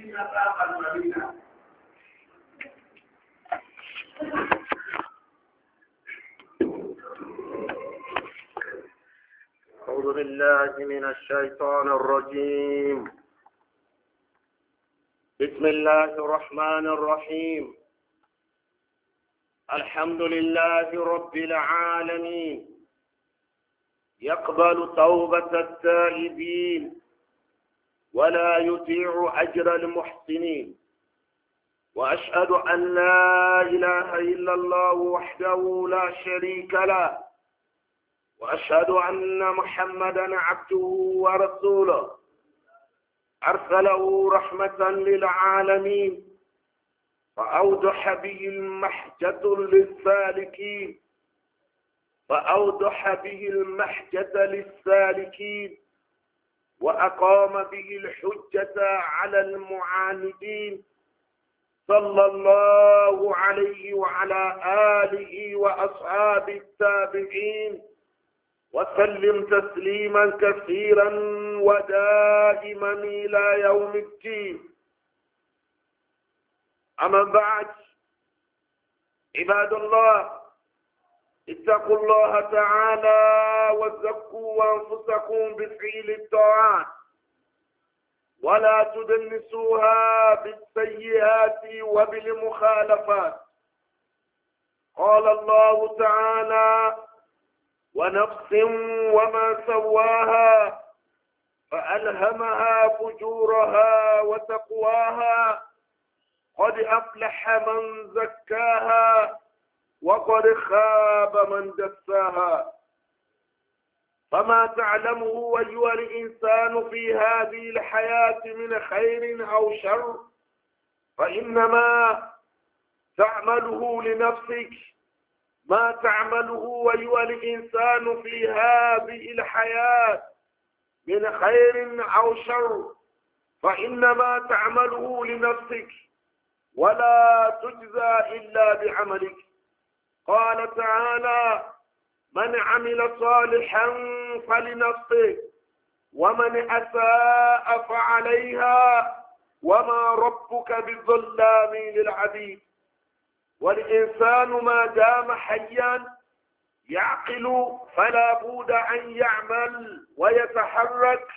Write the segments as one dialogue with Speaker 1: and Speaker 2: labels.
Speaker 1: أعوذ بالله من الشيطان الرجيم بسم الله الرحمن الرحيم الحمد لله رب العالمين يقبل توبة التائبين ولا يطيع أجر المحسنين وأشهد أن لا إله إلا الله وحده لا شريك له وأشهد أن محمدا عبده ورسوله أرسله رحمة للعالمين فأوضح به المحجة للسالكين فأوضح به المحجة للسالكين وأقام به الحجة على المعاندين صلى الله عليه وعلى آله وأصحاب التابعين وسلم تسليما كثيرا ودائما إلى يوم الدين أما بعد عباد الله اتقوا الله تعالى وزكوا أنفسكم بفعل الطاعات ولا تدنسوها بالسيئات وبالمخالفات قال الله تعالى ونفس وما سواها فألهمها فجورها وتقواها قد أفلح من زكاها وقد خاب من دساها فما تعلمه أيها الإنسان في هذه الحياة من خير أو شر فإنما تعمله لنفسك ما تعمله أيها الإنسان في هذه الحياة من خير أو شر فإنما تعمله لنفسك ولا تجزى إلا بعملك قال تعالى من عمل صالحا فلنفسه ومن أساء فعليها وما ربك بظلام للعبيد والإنسان ما دام حيا يعقل فلا بد أن يعمل ويتحرك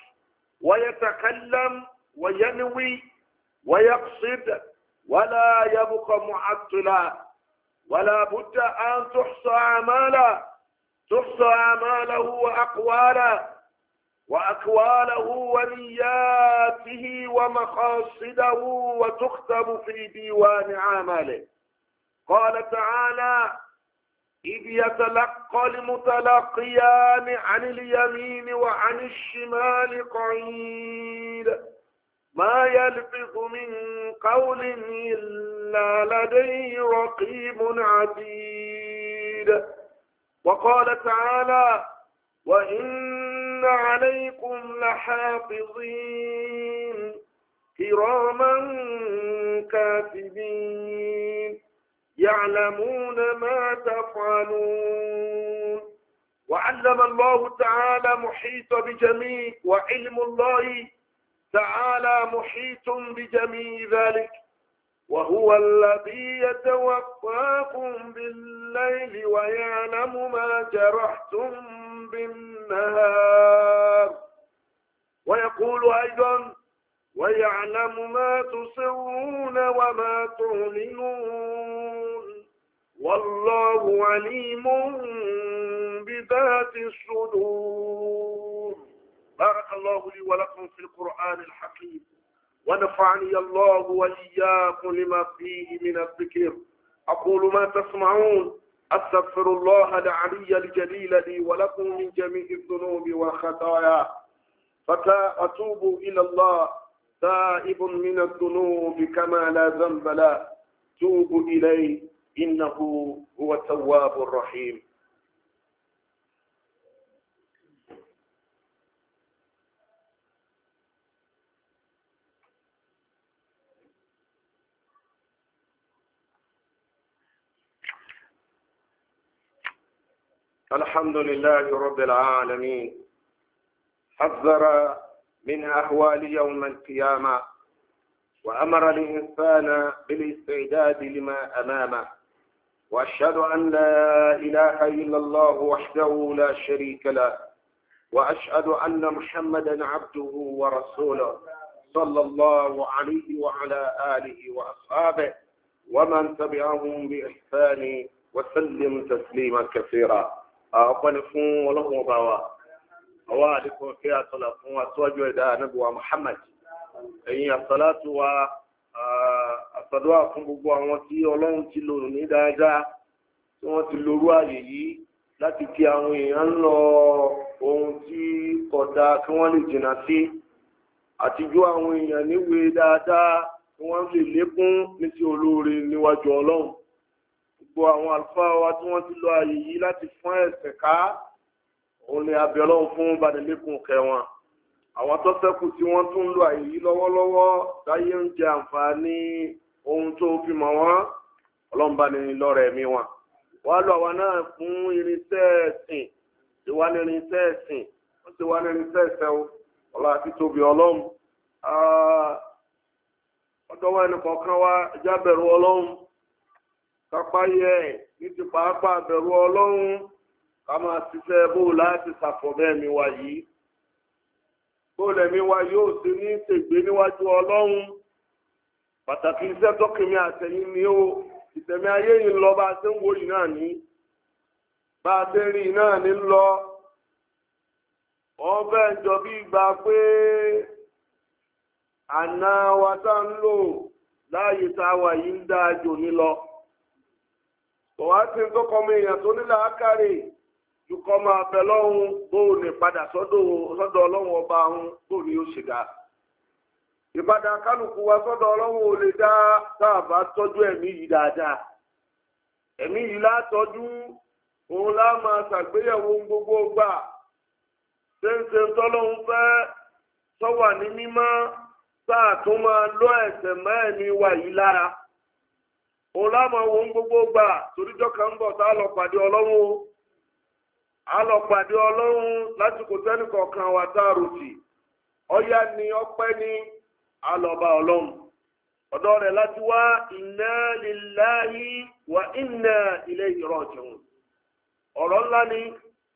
Speaker 1: ويتكلم وينوي ويقصد ولا يبقى معطلا ولا بد أن تحصى أعماله تحصى أعماله وأقواله وأقواله ونياته ومقاصده وتختم في ديوان عمله قال تعالى إذ يتلقى المتلقيان عن اليمين وعن الشمال قعيد يلفظ من قول إلا لديه رقيب عتيد وقال تعالى وإن عليكم لحافظين كراما كاتبين يعلمون ما تفعلون وعلم الله تعالى محيط بجميع وعلم الله تعالى محيط بجميع ذلك وهو الذي يتوفاكم بالليل ويعلم ما جرحتم بالنهار ويقول أيضا ويعلم ما تصرون وما تعلنون والله عليم بذات الصدور بارك الله لي ولكم في القرآن الحكيم ونفعني الله وإياكم لما فيه من الذكر أقول ما تسمعون أستغفر الله العلي الجليل لي ولكم من جميع الذنوب والخطايا فأتوب إلى الله تائب من الذنوب كما لا ذنب له توب إليه إنه هو التواب الرحيم الحمد لله رب العالمين حذر من أهوال يوم القيامة وأمر الإنسان بالاستعداد لما أمامه وأشهد أن لا إله إلا الله وحده لا شريك له وأشهد أن محمدا عبده ورسوله صلى الله عليه وعلى آله وأصحابه ومن تبعهم بإحسان وسلم تسليما كثيرا ọpẹ́ ni fún ọlọ́run ọba wa àwa àdíkọ̀ kí a sọ́là fún aṣọ́jú ẹ̀dá anábíwá Muhammad ẹ̀yìn àsọ́látù wa àsọ́dọ́wà fún gbogbo àwọn tí ọlọ́run ti lò ní dáadáa tí wọ́n ti lorú ààyè yìí láti kí àwọn èèyàn lọ ohun tí kódà kí wọ́n lè jìnnà sí àtijọ́ àwọn èèyàn níwèé dáadáa kí wọ́n lè lékún ní ti olóore níwájú ọlọ́run gbogbo àwọn àlùfáà wa tí wọ́n ti lọ ààyè yìí láti fún ẹ̀sẹ̀ ká òun ni abẹ́ ọlọ́run fún banilẹ́kùn kẹwọn àwọn tó ṣẹ́kù tí wọ́n tún lo ààyè yìí lọ́wọ́lọ́wọ́ láyé ń jẹ àǹfààní ohun tó fi mọ̀ wọ́n ọlọ́run bá ní lọ́rọ̀ ẹ̀mí wọn. wàá lo àwa náà fún irinṣẹ́ ẹ̀sìn tí wàá ní irinṣẹ́ ẹ̀sìn wọ́n ti wàá ní irinṣẹ́ ẹ̀sẹ̀ o ọlọ́ àti tóbi ọlọ́run kápáyé ní ti pàápàá bẹ̀rù ọlọ́run ká máa ṣiṣẹ́ bó láti ṣàfọ̀mẹ́ mi wá yìí bó lẹ̀mí wa yóò ṣe ní tègbé níwájú ọlọ́run pàtàkì iṣẹ́ tọ́kìmí àtẹ̀yìn ni ó ìtẹ̀mí ayé yìí lọ bá a ṣe ń wo yìí náà ní bá a ṣe ń rí yìí náà ní lọ wọ́n fẹ́ jọ bí ìgbà pé àná wa tá ń lò láàyè tá a wà yìí ń dáa jò ní lọ kò wá sí tó kọ́ mi èèyàn tó nílà ákàrè ju kọ́ máa bẹ lọ́hùn bóun ní padà sọ́dọ̀ ọlọ́run ọba ọ̀hún bóun ni yóò ṣe dáa ìbádà kálukú wa sọ́dọ̀ ọlọ́run ò lè dá sáàbà tọ́jú ẹ̀mí yìí dáadáa ẹ̀mí yìí látọ́jú òun lá máa ṣàgbéyẹ̀wò gbogbo gbà ṣéńṣe tọ́lọ́hún fẹ́ sọ́wà ní mímọ́ sáà tó máa lọ ẹ̀sẹ̀ mọ́ ẹ̀mí wa yìí lára. olama wo ń gbogbo gba toríjọ́ kan ń bọ̀ tá a lọ pàdé ọlọ́run o a lọ pàdé ọlọ́run lásìkò sẹ́ni kọ̀ọ̀kan wà tá a ròtì ọ̀yá ni ọpẹ́ ni a lọ bá ọlọ́run ọ̀dọ̀ rẹ̀ láti wá inna lillahi wa inna ilayhi raji'un ọ̀rọ̀ ńlá ni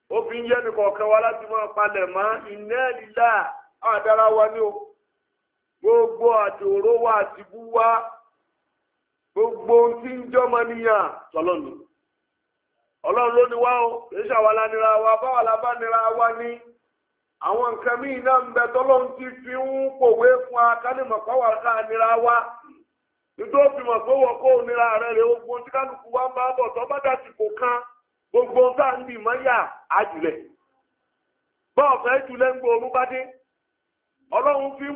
Speaker 1: ó fi ń yẹ́ mi kọ̀ọ̀kan wá láti máa palẹ̀ mọ́ inna wa ni o gbogbo àti oro wa àti bú wa gbogbo tí ń jọmọ níyà tọ́lọ́nù ọlọ́run ló ní wá o kì í ṣàwálá nira wa báwa àwọn nǹkan míì náà ń bẹ tọ́lọ́run ti fi ń pòwé fún ká nira wa nítorí ó fi mọ̀ pé wọ́n kó nira tí kan gbogbo tá à ń bì mọ́ yà á jùlẹ̀ fẹ́ jùlẹ̀ ń gbòòrú bá dé ọlọ́run fi ń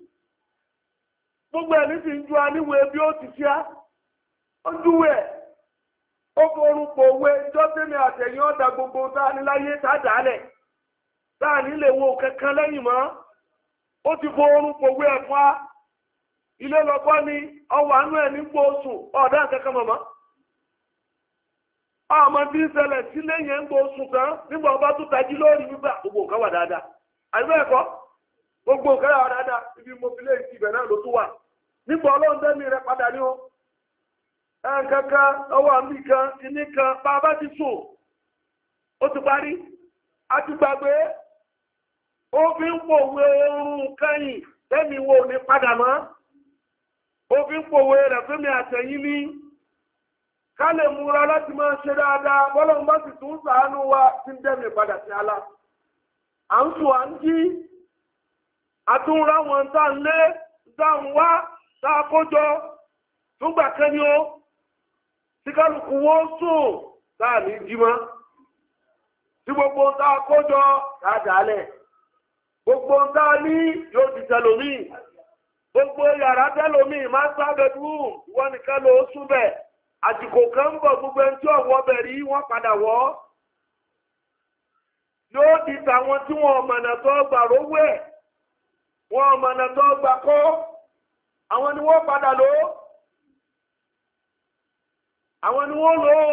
Speaker 1: gbogbo ẹni tí ń ju aníwò ebi ó ti ṣíá ó júwẹ̀ ó owó gbogbo láyé wo kankan lẹ́yìn mọ́ ó ti forúpọ̀ owó ẹ̀ fún wa ilé ni ọwọ́ àánú ẹ̀ nígbò oṣù ọ̀dà kankan mọ̀mọ́ ọmọ tí ń ṣẹlẹ̀ ń nígbà ọba tó tají lórí gbígbà gbogbo nǹkan wà dáadáa àyùbá gbogbo nǹkan ibi mo fi lè ti nígbà ọlọ́run dẹ́mi rẹ padà ní o ẹ̀ẹ̀kankan ọwọ́ àmì kan kìíní kan bá bá ti sùn ó ti parí a ti gbàgbé ó fi ń pòwe oorun kẹ́yìn tẹ́mi wo ní padà mọ́ ó fi ń pòwe rẹ̀ fún mi àtẹ̀yìn ní ká lè múra láti máa ṣe dáadáa bọ́lọ́run bá sì tún sàánú wa tí ń dẹ́mi padà sí ala à ń sùn à ń jí àtúnra wọn tá ń lé dáhùn wá sáàkójọ túngbà kẹ́ni ó tí kálùkù wọ́n sùn táà ní jímọ́ tí gbogbo sáàkójọ dáadáalẹ̀ gbogbo táà ní yóò ti tẹ̀lómí gbogbo yàrá tẹ̀lómí máa sáàbẹ̀ dúró wọ́n nìkan ló sún bẹ̀ àsìkò kan bọ̀ gbogbo ẹni tí ọ̀wọ́ bẹ̀ rí wọ́n padà wọ́ yóò di tàwọn tí wọn ọ̀mọ̀nà tó gbà rówó ẹ̀ wọn tó gbà kọ́ àwọn ni wọ́n padà lò ó àwọn ni wọ́n lò ó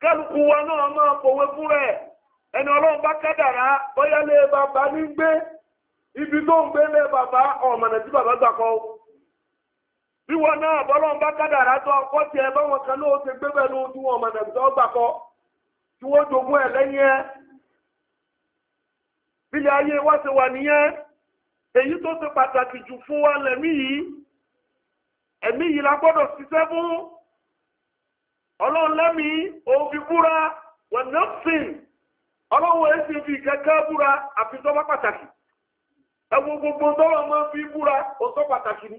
Speaker 1: kẹ́lùkù wa náà máa pòwe fún rẹ̀ ẹni ọlọ́run bá kádàrá bóyá lé bàbá ní gbé ibi tó ń gbé lé bàbá ọ̀mọ̀nà tí bàbá gbà kọ́ bí wọn náà bọ́lọ́run bá kádàrá tó ọkọ́ tiẹ̀ báwọn kan lóò ṣe gbé bẹ́ẹ̀ lóhun ọ̀mọ̀nà tí wọ́n gbà kọ́ tí wọ́n jogún ẹ̀ lẹ́yìn ẹ̀ bílẹ̀ ayé wá ṣe wà nìyẹn èyí tó ṣe pàtàkì jù fún wa lẹ̀mí yìí ẹ̀mí yìí la gbọ́dọ̀ ṣiṣẹ́ fún ọlọ́run lẹ́mí òfin búra wẹ̀ nọ́ọ̀sìn ọlọ́run èsì fi kẹ́kẹ́ búra àfi tó bá pàtàkì ẹ̀wọ̀n gbogbo tọ́rọ̀ máa fi búra ó tó pàtàkì ni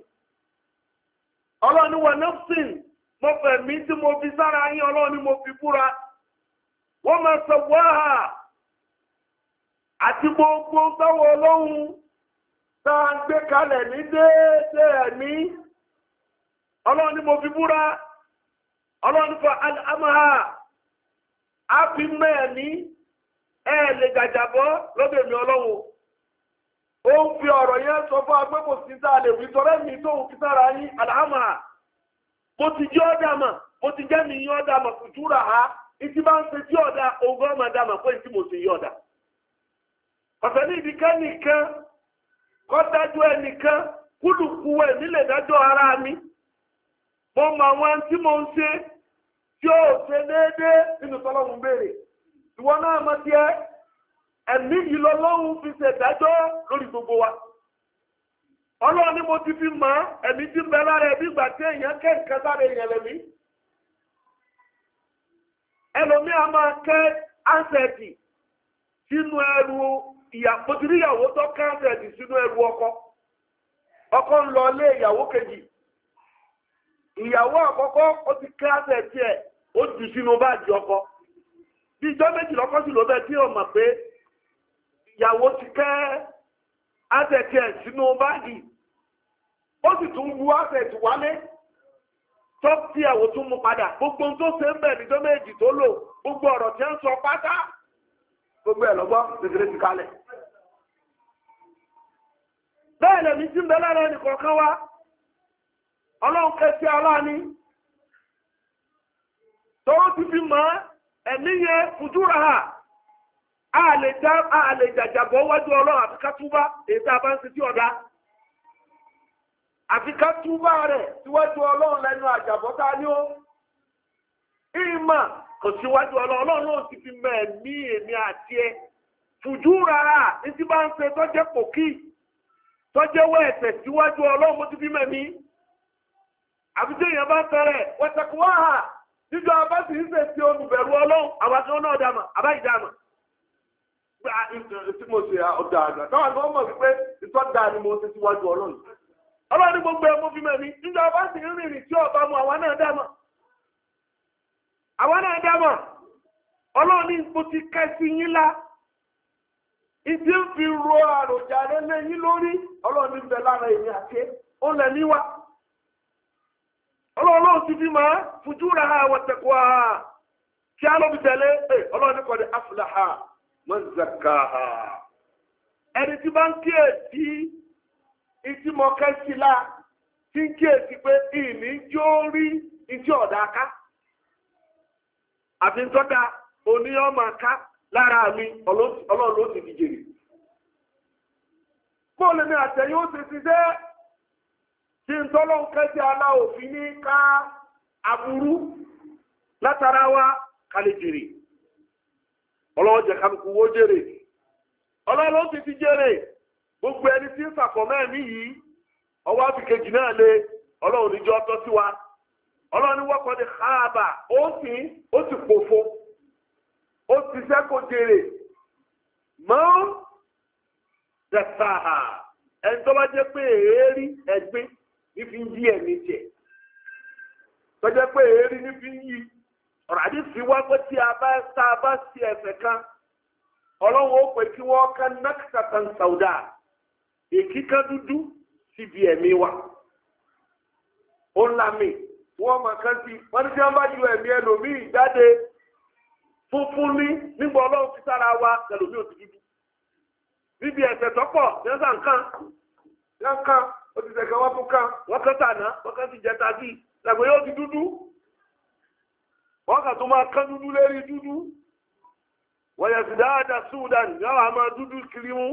Speaker 1: ọlọ́run wẹ̀ nọ́ọ̀sìn mo fẹ̀mí tí mo fi sára yín ọlọ́run mo fi búra wọ́n máa sọ wáhà àti gbogbo tọ́wọ́ ọlọ́run ta a ń gbé kalẹ̀ ní déédé ẹ̀mí ọlọ́run ni mo fi búra ọlọ́run alámàá a fi mọ́ ẹ̀mí ẹ̀ lè gàjàbọ́ lọ́dọ̀ èmi ọlọ́run ó ń fi ọ̀rọ̀ yẹn sọ fún agbẹ́kò sí tá lè wí sọ́rẹ́ mi tó ń fi sára yín alámàá mo ti jẹ́ mi yín ọ̀dà ha ìtì bá ń ṣe tí ọ̀dà ogún ọmọ dà pé ìtì mo ti yí ọ̀dà kọ́ dájú ẹnìkan kúlùkù ẹ̀ nílẹ̀ dájọ́ ara mi mo mọ àwọn tí mo ń ṣe tí ó ṣe déédéé nínú tọ́lọ́hún béèrè ìwọ náà mọ tiẹ̀ ẹ̀mí yìí lọ́lọ́hún fi ṣèdájọ́ lórí gbogbo wa ọlọ́run ni mo ti fi ẹ̀mí tí ń bẹ lára ẹbí ìgbà tí èèyàn sáré lẹ́mí ẹlòmíà máa kẹ́ sínú ẹrù ìyàpò tí níyàwó tó káńtẹ̀ẹ̀dì sínú ẹrù ọkọ ọkọ ń lọ lé ìyàwó kejì ìyàwó àkọ́kọ́ ó ti káńtẹ̀ẹ̀dì ẹ̀ ó sínú ọkọ bí ìjọ méjì lọ́kọ́ sí ló ọma tí ó mọ̀ pé ìyàwó ti kẹ́ áńtẹ̀ẹ̀dì ẹ̀ sínú báàjì ó sì tún wú áńtẹ̀ẹ̀dì wálé tí ìyàwó tún gbogbo tó ṣe ń bẹ̀ níjọ́ méjì tó lò gbogbo ọ̀rọ̀ gbogbo ẹ̀ lọ́gbọ́ kékeré ti kalẹ̀. bẹ́ẹ̀ lèmi tí ń bẹ lára ẹnì kọ̀ọ̀kan wá ọlọ́run kẹsí aláàní tó ti fi mọ́ ẹ̀mí yẹn a lè a jàjàbọ̀ wájú ọlọ́run àti kátúbá èyí tá a bá ń ṣe tí ọ̀dá àti kátúbá rẹ̀ ọlọ́run lẹ́nu ó ìmọ̀ kò síwájú ọlọ́run náà ti fi mọ ẹ̀mí èmi àti ẹ fùjú rárá ní bá ń ṣe tọ́jẹ́ pòkì tọ́jẹ́ wọ ẹ̀sẹ̀ síwájú ọlọ́run mo ti bá ń ọlọ́run náà tí mo ṣe ọ̀dà àgbà táwọn àgbà mọ̀ wípé ìtọ́jà ni mo ṣe síwájú ọlọ́run ọlọ́run gbogbo ẹ̀ mo fi mọ̀ níjọ abá tí ọba mu àwọn náà dámọ̀ ọlọ́run ní mo ti kẹ́ yín lá ìdí ń fi ro àròjà lẹ́lẹ́ yín lórí ọlọ́run ní bẹ lára èmi àti ó lẹ̀ níwá ọlọ́run ti fi fojú ra ha ha kí á ló fi tẹ̀lé ọlọ́run ní kọ́ni ẹni tí bá ti ń pé ìní jó rí ìtì àti tọ́dá oníyọ́mà ká lára mi ọlọ́run ló ti dìjèrè bóòlù ní àtẹ̀yìn ó ti ti dé tí ń tọ́lọ́ kẹ́jẹ́ aláòfin ní ká aburú látara wa kalẹ̀ jèrè ọlọ́run jẹ́ kálukú wó jèrè ọlọ́run ló ti ti jèrè gbogbo ẹni tí ń fàkọ̀ mẹ́rin yìí ọwọ́ àfikejì náà lé ọlọ́run níjọ́ tọ́ sí wa. ọlọ́ni wọ́kọ̀ ní haaba ó sì ó sì pòfo ó ti sẹ́kò jèrè mọ́ dẹ̀sáhà ẹni tó bá jẹ́ pé èérí ẹ̀gbin ní fi ń yí ẹ̀mí jẹ tó jẹ́ pé èérí ní fi ń yí ọ̀rọ̀ àdí fi wá pé tí a bá tá a bá sí ẹsẹ̀ kan ọlọ́run ó pè kí wọ́n ká nákìtà sàwùdà èkíkà dúdú síbi ẹ̀mí wa ó ń lámì wọ́n mọ̀ kan sí wọ́n ní tí wọ́n bá ju ẹ̀mí ẹlòmíì jáde funfun ní nígbà ọlọ́run fi sára wa ẹlòmíì ò ti dúdú níbi ẹ̀sẹ̀ tọ́pọ̀ ní ọ̀sán kan ní ọ̀kan ó ti sẹ̀kẹ́ wọ́n tún kan wọ́n kán tàná wọ́n kán sì jẹ́ tàbí làgbé yóò ti dúdú wọ́n kàn tó máa kán dúdú lérí dúdú wọ́n yẹ sì dáadáa súdà ní àwọn àmọ́ dúdú kiri mú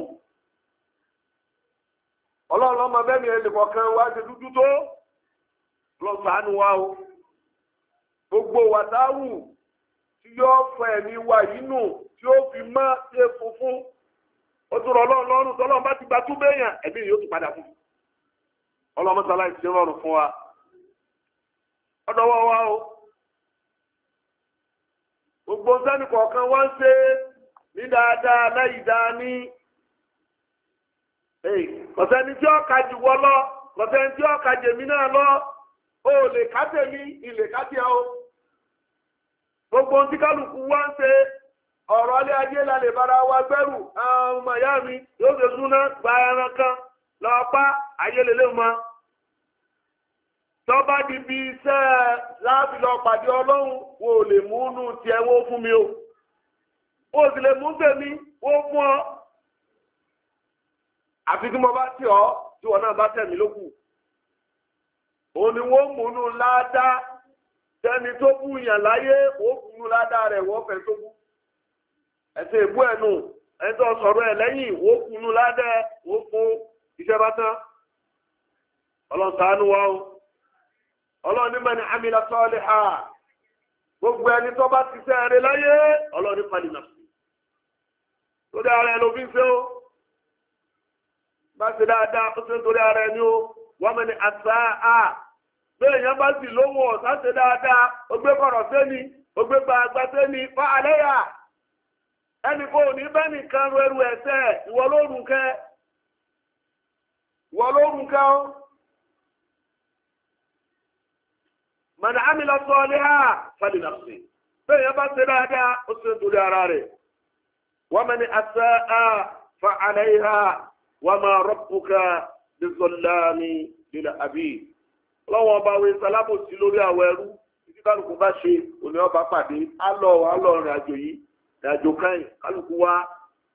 Speaker 1: ọlọ́run ọmọ bẹ́ẹ̀ lọ wa o gbogbo wàdáwù tí yóò fọ ẹ̀mí wa yìí nù tí ó fi mọ́ ṣe funfun ó ọlọ́run lọ́rùn bá ti gba tún béèyàn ẹ̀mí yóò tún padà fún un ọlọ́run sọlá ìṣe rọrùn wa wa o gbogbo sẹ́ni kọ̀ọ̀kan wá ń ṣe ní dáadáa dáa ní o lè ká tèmi ilè ká tí a o gbogbo ohun tí kálukú wá ń ṣe ọ̀rọ̀ ilé ajé lálẹ́ bára wa gbẹ́rù àwọn ọmọ ìyá mi yóò ṣe súná gba ẹran kan lọ pa ayé lélẹ́ mọ́ tọ́ba di bí iṣẹ́ láàbì lọ pàdé ọlọ́run wo lè mú nù tiẹ̀ wó fún mi o o sì lè mú tèmi wó fún ọ àfi tí mo bá tì ọ́ tí wọn náà bá tẹ̀ mí lókù. òní wọ́n múnú ládá tẹni tó bú yàn láyé ó múnú ládá rẹ̀ wọ́n fẹ́ tó bú ẹ̀sẹ̀ ìbú ẹ̀nu ẹ̀tọ́ sọ̀rọ̀ ẹ̀ lẹ́yìn ó múnú ládá ó fún iṣẹ́ bá tán ọlọ́ntàánú wa ó ọlọ́ọ̀ni mẹ́ni amílá sọ́ọ́lì ha gbogbo ẹni tó bá ti sẹ́ẹ̀rẹ̀ láyé ọlọ́ọ̀ni pali nàfẹ́ torí ara ẹ̀ ló fi ń ṣe ó bá ṣe dáadáa ó ṣe ń torí ara ẹ̀ ní ó wọ́n mẹ́ni béèyàn bá sì lówó ọ̀sán ṣe dáadáa ogbé kọ̀rọ̀ sẹ́ni ogbé gbàgbà sẹ́ni fa àlẹ́yà ẹnì kò ní bẹ́ẹ̀ nìkan ru ẹrù ẹ̀sẹ̀ ìwọ lórun kẹ́ ìwọ lórun kẹ́ ó. mọ̀nà àmìlọ sọ ní ha fàdí náà sí béèyàn bá ṣe dáadáa ó ṣe ara rẹ̀ wọ́n mọ̀ ní àṣà fa àlẹ́yà wọ́n mọ̀ rọ́pùkà bí zọ́lámi lílà àbí. ọlọ́wọ́ ọba wẹ sálábòsí lórí àwọ̀ ẹrú títí kálukú bá ṣe òní ọba pàdé alọ alọ rìn àjò yìí rìn àjò káyìn kálukú wá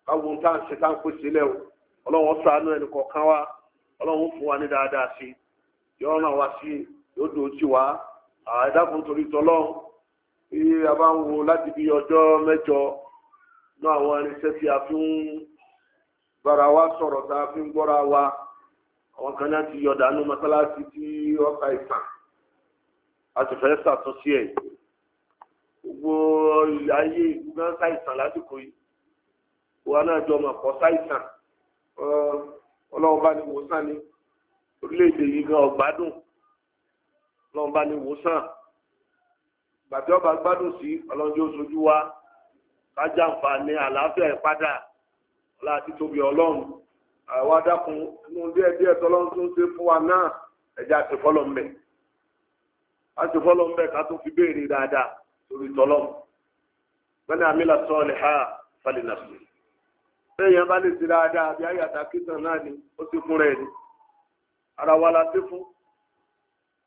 Speaker 1: káwọn tá à ń ṣe tá à o ẹnì kọ̀ọ̀kan wa fún wa ní dáadáa sí i yọ wá sí i yóò dùn torí tọ́lọ́ wa sọ̀rọ̀ tá a fi wa. àwọn kan náà ti yọ̀dà nú mọ́sálásí tí ọ̀ka ìtàn a sì fẹ́ ṣàtúnṣe ẹ̀ gbogbo ayé ìgbúgbá ṣàìsàn lásìkò yìí wa náà jọ mọ̀ pọ̀ ṣàìsàn ọlọ́run bá ní wòsàn ní orílẹ̀-èdè yìí gan ọ̀gbádùn ọlọ́run bá ní wòsàn gbàtí ọba gbádùn sí ọlọ́njọ́ sojú wa kájà ń fa ní àlàáfíà ìpadà ọlá àti tóbi ọlọ́run àwọn adákun inú díẹ̀ díẹ̀ tọ́lọ́ tún ṣe fún wa náà ẹ̀já ti fọ́lọ́ mbẹ̀ a ti fọ́lọ́ mbẹ̀ ká tún fi béèrè dáadáa torí tọ́lọ́ mẹ́ni àmìlà sọ́ọ̀lì ha falẹ̀ nà sí. bẹ́ẹ̀yàn bá lè ṣe dáadáa àbí àyàtà kíntàn náà ni ó ti fún rẹ̀ ni ara wa la ti fún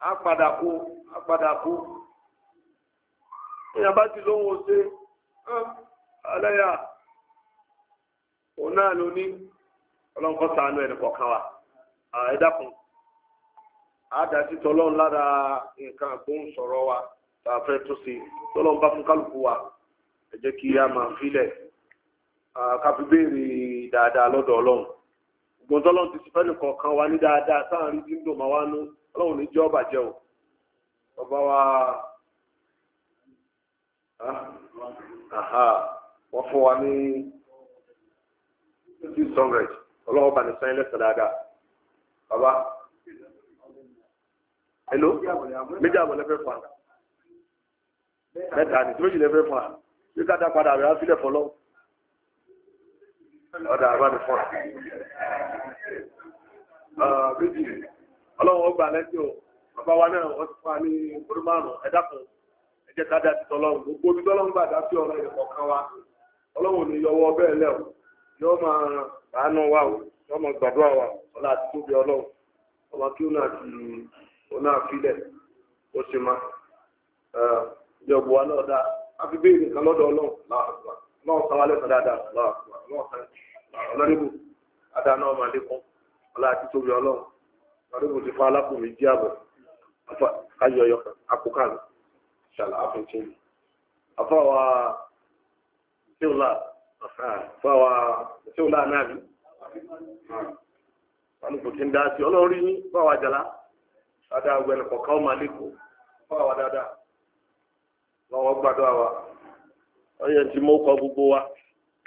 Speaker 1: á padà kú á padà kú èèyàn bá ti lóhun ó ṣe aláyà òun náà ló ní ọlọ́run kọ́ sànú ẹnì kọ̀ọ̀kan wa ẹ dákun àádájú tọlọ́run lára nǹkan àgbóhùn sọ̀rọ̀ wa tá a fẹ́ tó sí tọ́lọ́run bá fún kálukú wa ẹ jẹ́ kí a máa filẹ̀ ká fi béèrè dáadáa lọ́dọ̀ ọlọ́run gbọ́n tọ́lọ́run ti fẹ́ nìkan kan wa ní dáadáa sáà rí díndò máa wá nú ọlọ́run ní jẹ́ ọ̀bà jẹ́ o ọba wa wọ́n fún wa ní six ọlọ́wọ́ bá ní lẹ́sẹ̀ dáadáa baba hello méjì àbọ̀ fún wa mẹ́ta ní tí méjì lẹ́fẹ̀ẹ́ fún wa bí ká padà rẹ̀ á sílẹ̀ fọlọ́ ọ̀dà àbá ní fún tọ́lọ́run gbogbo tọ́lọ́run dá sí ọ̀rọ̀ wa bẹ́ẹ̀ yọ àánú wa o yọ gbàdúrà wa ọlá àti tóbi ọlọ́run ọba kí ó náà ti ó náà filẹ̀ ó sì máa ìjọba wa náà dáa a ma béèrè nǹkan lọ́dọ̀ ọlọ́run láàbùwà náà sáwá lẹ́sàn dáadáa láàbùwà náà sáwá ọlọ́nìbò adáná ọmọ àlékún ọlá àti tóbi ọlọ́run ọlọ́nìbò ti fa alápò méjì àbọ̀ ayọyọ àkókò àlọ́ ṣàlàáfíà àfọ̀tí àfọ̀wà tí ó láàbù. fáwa ṣé òun láàánú àbí wọn kò kí ń dá sí ọlọ́run rí yín fáwa jàlá dáadáa gbẹ̀rẹ̀ kọ̀ọ̀kan ọmọ àlékò fáwa dáadáa lọ́wọ́ gbàdúrà wa ọyẹ tí mo kọ gbogbo wa.